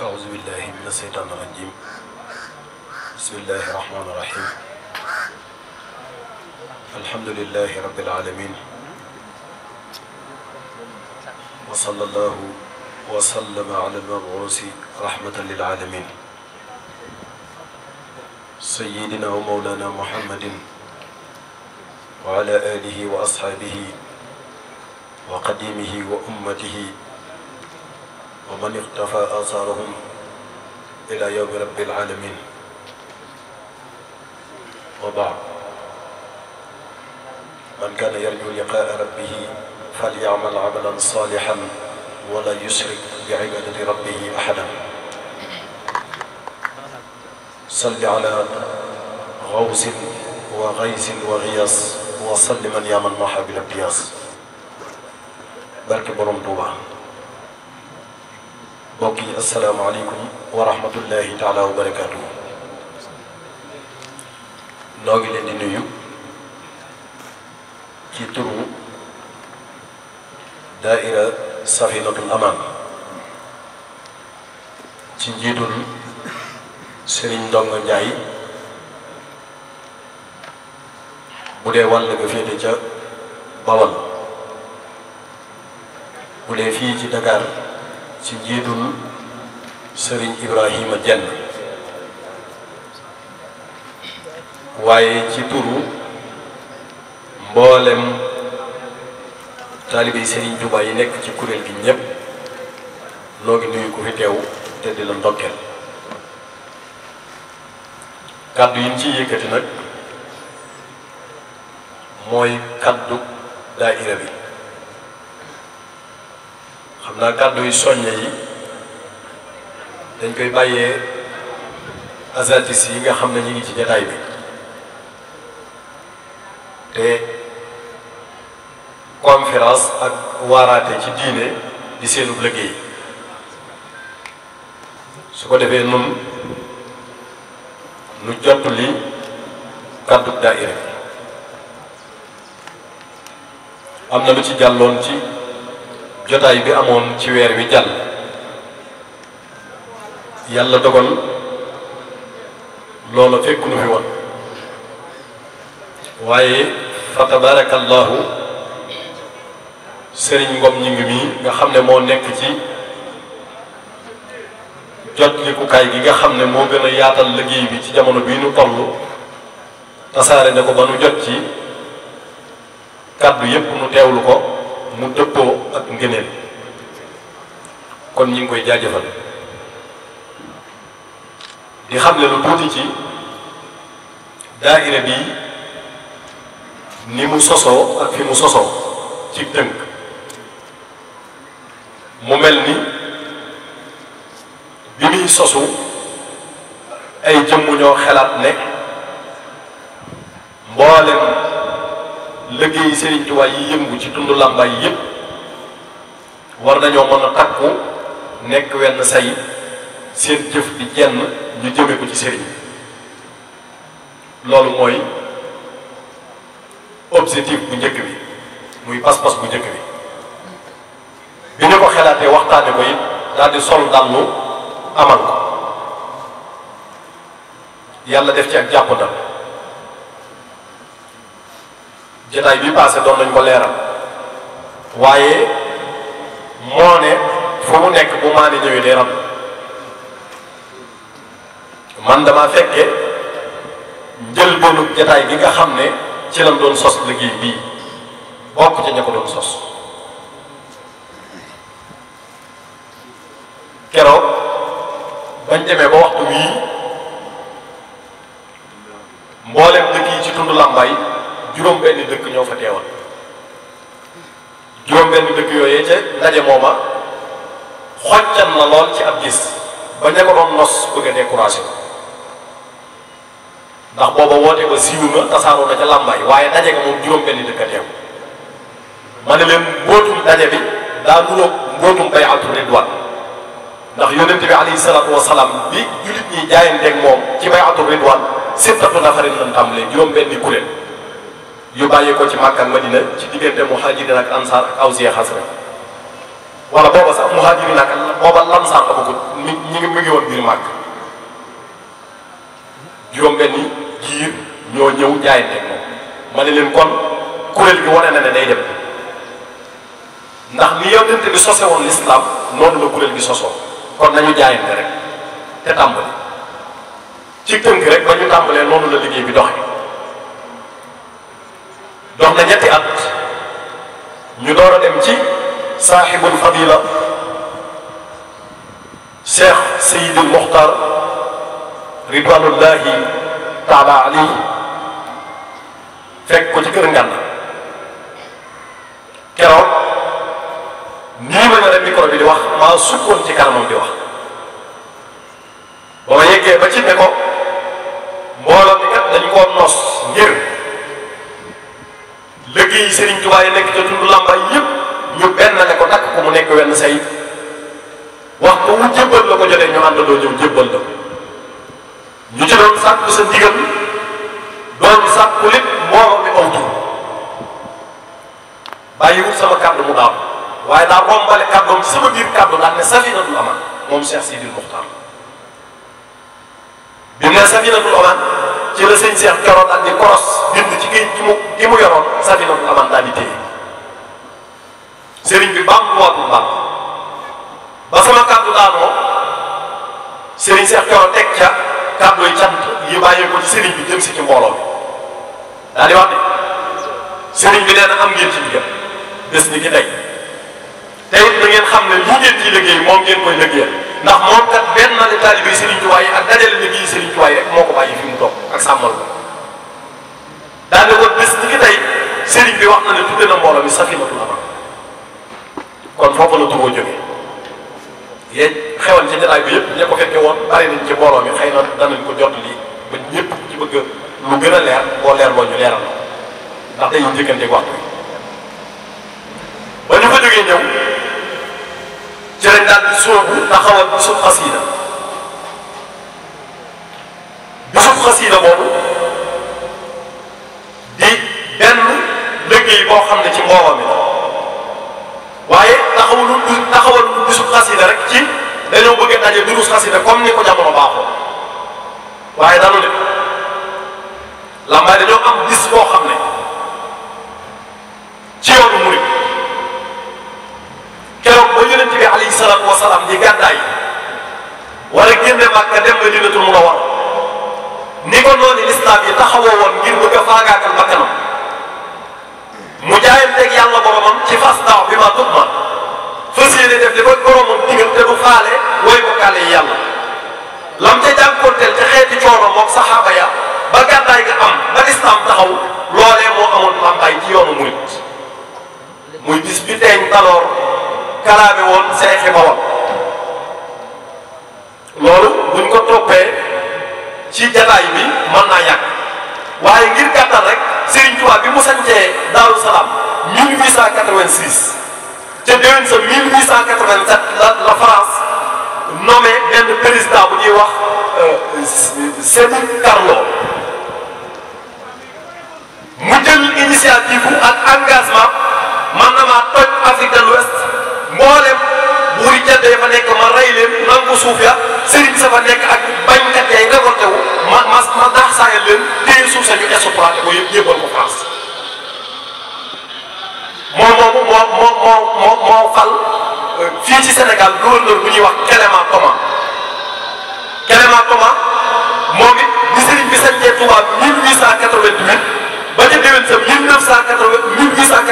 أعوذ بالله من الشيطان الرجيم بسم الله الرحمن الرحيم الحمد لله رب العالمين وصلى الله وسلم على المبعوث رحمة للعالمين سيدنا ومولانا محمد وعلى آله وأصحابه وقديمه وأمته wa man ixtafa asaarahum ila yowmi rabbil alamin wa baad man kaana yarju liqaa rabbihi falyacmal amalan saalixan wala yushrik bi cibaadati rabbihi axadan salli ala gawsin wa gaysin wa giyaas wa salli man yaaman maxa bil abdiyaas barke borom Tuuba mbokk yi asalaamaaleykum wa rahmatullahi taala wa barakaatu. noo ngi leen di nuyu ci turu daaira safinatul amaan ci njiitul Serigne Ndongo Ndiaye bu dee wàll nga féete ca Bawol bu dee fii ci Dakar. ci jiitul sëriñ Ibrahima Dieng waaye ci turu mboolem taalibe sëriñ Touba yi nekk ci kuréel gi ñëpp noo ngi nuyu ko fi te di la ndokkeel kàddu yi ñu ciy yëkkati nag mooy kàddu daayira bi na naa kàddu yu soññe yi dañ koy bàyyee asatis yi nga xam ne ñu ngi ci jataay bi te conférence ak waaraate ci diine di seenub liggéey su ko defee nun lu jot li kàddu daaira am na lu ci jàlloon ci jotaay bi amoon ci weer wi jàll yàlla dogal loola fekk nu fi woon waaye fa tabarakallahu sëriñ Ngom ñi ngi mii nga xam ne moo nekk ci jot likukaay gi nga xam ne moo gën a yaatal liggéey bi ci jamono bii nu toll tasaare na ko ba nu jot ci kàddu yépp nu teewlu ko mu dëppoo ak ngëneel kon ñu ngi koy jaajëfal di xam ne lu tuuti ci daaira bii ni mu sosoo ak fi mu sosoo ci dënk mu mel ni bi muy sosu ay jëmm ñoo xelaat ne mboolem liggéey Serigne Touba yi yëngu ci tund làmbaay yëpp war nañoo mën a takku nekk wenn say seen jëf di jenn ñu jëme ko ci Serigne loolu mooy objectif bu njëkk bi muy pas-pas bu njëkk bi bi ñu ko xelaatee waxtaane ko daldi sol dàllu amat ko yàlla def ci ak jàppandal jotaay bi passé doon nañ ko leeral waaye moo ne fu mu nekk bu maane ñëwee day rab man dama fekke jël bonub jotaay bi nga xam ne ci lañ doon sos liggéey bii bokk ci ña ko doon sos keroog bañ yi ci tund làmbaay juróom benn dëkk ñoo fa teewal juróom benn dëkk yooyee ca ndaje mooma xoccan na lool ci ab gis ba ña ko doon nos bëgg a ko ndax booba woote ba siiw na tasaaroo na ca làmbaay waaye daje ga moom juróom benn dëkk a teew ma ne leen mbootum daje bi daa nuroog mbootum bay'atu ridwaan ndax yonente bi alayhi salaatu wasalaam bi jullit ñi jaayanteeg moom ci bay'atu ridwaan sittatu nafarin lan tàmbalee juróom benni kuréel yu bàyyi ko ci ma Madina ci diggante muhajirin ak ansaar ak awsiya xasra wala booba sax muhajirin ak booba lansaar amagut mi ñi ngi mu ngi woon biir Màkka juróom benni giir ñoo ñëw jaayante ak moom leen kon kuréel gi wane na ne day dem ndax ni yonent bi sose woon lislaam noonu la kuréel gi sosoo kon nañu jaayante rek te tàmbali ci tënk rek ba ñu tàmbalee noonu la liggéey bi doxe ñu door a dem ci saaxibul fadila cheikh sayidul muxtar ridwanullahi taala ali fekk ko ci kër ngànd keroog nii ma yore micro bi di wax maa sukkoon ci kanamam di wax ba ma ba ci ne ko mbooloo mi kat dañu koo nos ngir léegi Serigne Touba yi nekk ca tund Lambaay yëpp ñu benn ne ko takk ko mu nekk wenn say wax ko wu jébbal la ko jotee ñu àndandoo ñëw jébbal la ñu ci doon sàkku sa ndigal doon ko lépp moomam mi aw tur bàyyiwul sama kàddu mu daaw waaye daa rombale kàddoom sama biir kàddu ndax ne safinatul aman moom Cheikh Sidil Muxtaar bi ne safinatul aman ci la sëñ Cheikh Coro daal di koros bind ci géej gi mu gi mu yoroon sëriñ bi baamuwaatul baax ba sama kàddu daanoo sëriñ Cheikh Thioro teg ca kàddu yi cant yi bàyyee ko ci sëriñ bi jëm si ci mbooloo bi daal di wax ne sëriñ bi nee na am ngeen ci liggéey bés ni ki tey te it da ngeen xam ne lu ngeen ciy liggéey moom ngeen koy liggéeyal ndax moom kat benn la taalibe yi sëriñ Tuubaa yi ak dajale liggéeyi sëriñ Tuubaa yi rek moo ko bàyyi fi mu toog ak sàmmal ko daal di wax bés ni ki tey sëriñ bi wax na ne tudde na mbooloo mi safinatu aman kon foofu la tuuboo jógee yéen xewal ci jataay bi yëpp woon bari nañ ci mbooloo xay xëy na danañ ko jot lii ba ñëpp ci bëgg lu gën a leer boo leer loo ñu leeral ndax dañuy njëkkante waxtu bi ñu fa jógee ñëw ci lañ daal di sóobu taxawal bisub xasiida bisub xasiida boobu di benn liggéey boo xam ne ci mbooloo daje durus xasida ni ko jamono baaxoo waaye danu ne lambaay dañoo am bis boo xam ne ci yoonu murid keroog ba yonent bi alayhi salaatu wa salaam di gàddaay wala génne Màkka dem Madinatul Munawwara ni ko noonu lislaam yi taxawoo won ngir bëgg a faagaagal bakkanam mu jaayanteeg yàlla boromam ci fas daaw bi ma tut ma fas yéene def li ko boromam digal te du faale way bokkaale yi yàlla lam ca jànkoonteel ca xeeti coono moom saxaaba ya ba gàddaay nga am ba taxaw loolee moo amoon làmbaay ci yoonu murit muy bis bi teeñ taloor kalaame woon seexi bawal loolu buñ ko toppee ci jataay bi mën naa yàgg waaye ngir gàttal rek Serigne Touba bi mu sancee Daaru Salaam 1886 ce ca déwén sa 1887 la la France nommé benn président bu ñuy wax euh, Sédou Carlo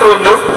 1989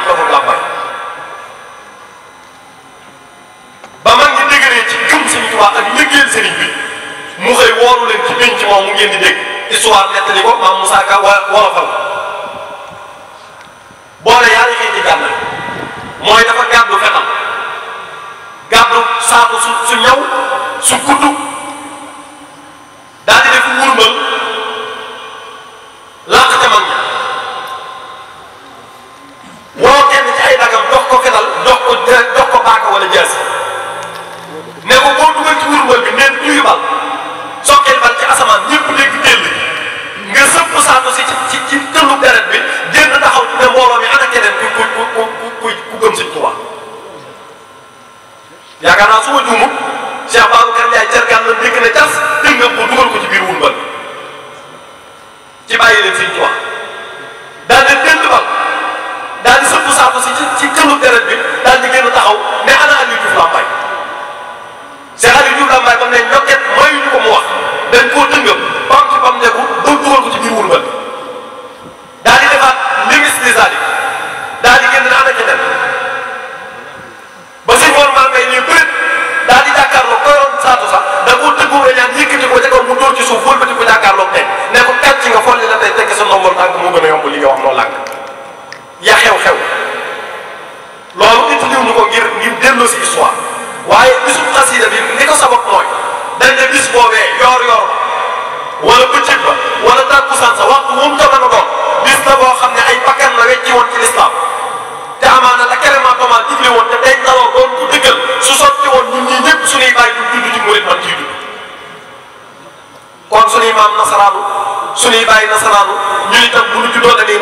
kàllamu làmbaay ba man ñi dëgëree ci jum sëriñ Tuubaa ak liggéeyal sëriñ bi mu xëy wooru leen ci benn ci moom mu ngeen di dégg histoire nettali ko maam Moussa Ka wa boole yàlla ngeen di mooy dafa gàddu fetam gàddu saako su su ñaw su gudd daal di def wurmal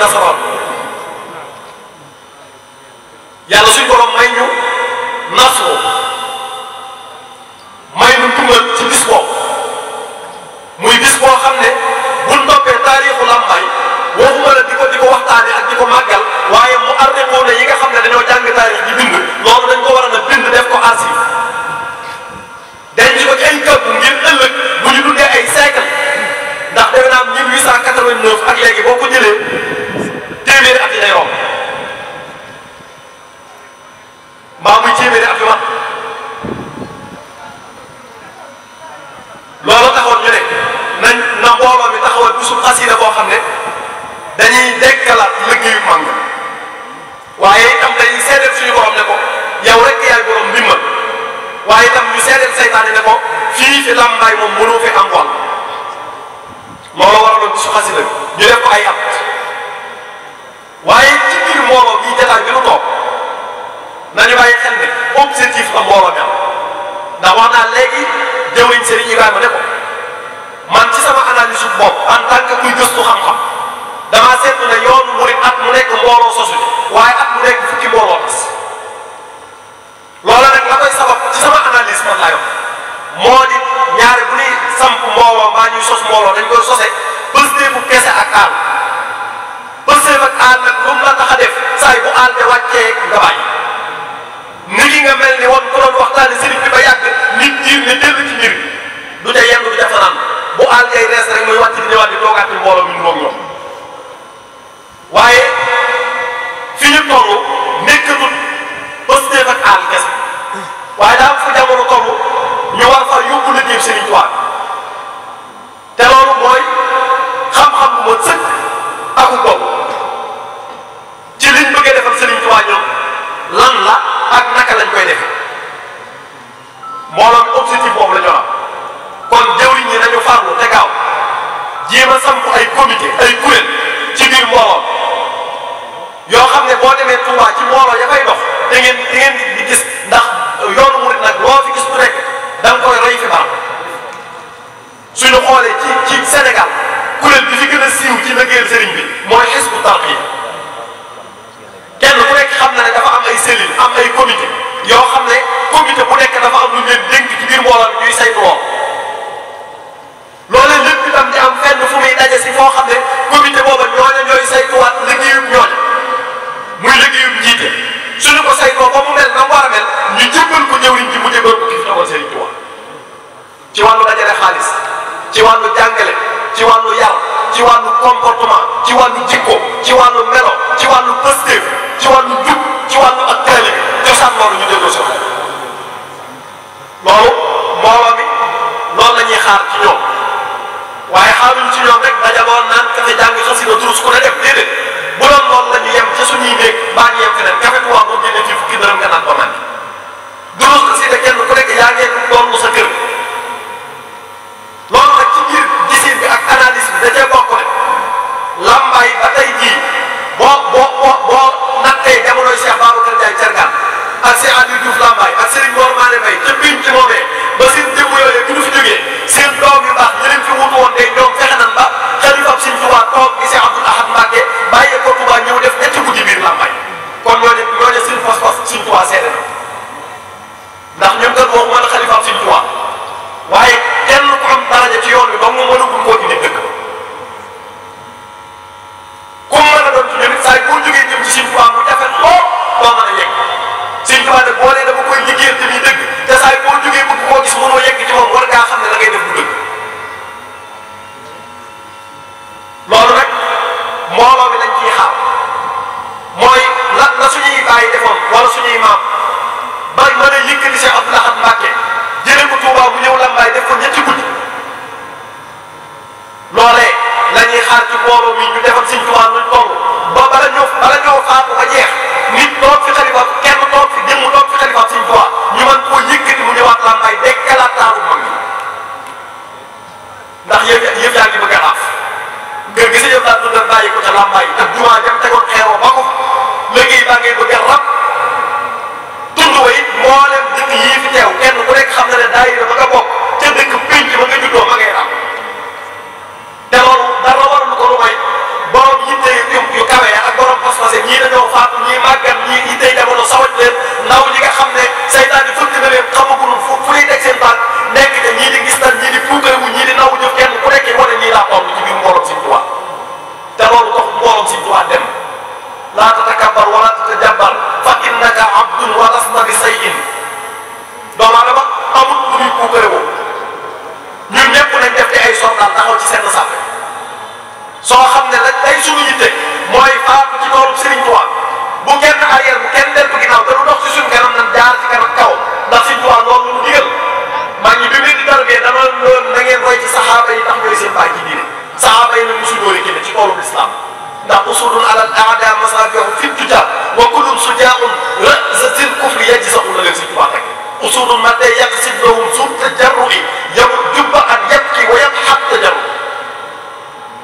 nasaraan fii fi làmbaay moom mënoo fi am wàll looloo waraloon su xasida bi ñu def ko ay at waaye ci biir mbooloo bii jataay bi nu toog nañu bàyyi xel ne objectif la mbooloo bi am ndax wax naa léegi jëwriñ Serigne Ibrahima ne ko man ci sama analyse bopp en tant que kuy gëstu xam-xam damaa seetlu ne yoonu murid at mu nekk mbooloo sosu waaye at mu nekk fukki mbooloo tas loola nag la koy sabab ci sama analyse man laa yor moo di ñaare bu ñuy samp mbooloo mbaa ñuy sos mbooloo dañ koy sose pësteefu kese ak aal pësteef ak aal nag lu tax def saay bu aal te wàccee nga bàyyi ni ki nga mel ni woon ku doon waxtaane sëriñ bi ba yàgg nit jiir ne dellu ci du te yenn du ca fanaan bu aal ngay rees rek muy wàcc di ñëwaat di toogaat ci mbooloo moom waaye fi ñu toll nekkatul pësteef ak aal kese waaye daa fu jamono toll ñu war far yóbbu liggéey Serigne Touba te loolu mooy xaar ci ñoom waaye xaaruñ ci ñoom rek dajaboon naan kafe jàng xasida durus ku a def déedéet bu doon loolu la ñu yem ca suñuy néeg baa ñu yem feneen kafe tubaab boo génnee kenn ku nekk yaa ngeen doon lu sa kër loolu nag ci biir gisiin bi ak analyse bi da cee bokk ne lambaay a tey jii boo boo boo boo nattee jamonoy Cheikh Babacar Ndiaye Thiergane ak Cheikh Aliou ak Serigne Mor Mané Mbaye ca biñ ci moomee ba yooyu bu ñu jógee doom yu baax mi lañ ciy xaar mooy lan la suñuy bàyyi defoon wala suñuy maam ba mën a yëkkati Cheikh Abdou Lahad Mbacké jëlee ko Touba bu ñëw Lambaye def ko ñetti guddi loolee la xaar ci booloo mi ñu defal Sëñ Tuubaa ñu toll ba bala ñoo bala ñoo faatu ci seen sàppe soo xam ne nag ay sunu yitte mooy faatu ci toolu Serigne Touba bu kenn arrière bu kenn dellu ginnaaw te lu dox ci suñu kanam nan jaar ci kanam kaw ndax Serigne Touba loolu lu digal maa ngi bi mu di tarbee dama na ngeen roy ci saxaaba yi tax ñooy seen bàyyi ci diine saxaaba yi nag mosu ñoori génne ci toolu lislaam ndax usulun alal aada masaafihu fi tujaab wa kullun sujaa'un ra'sa zil kufri yajza'u la leen Serigne Touba teg usulun ma tey yàq si doom suuf te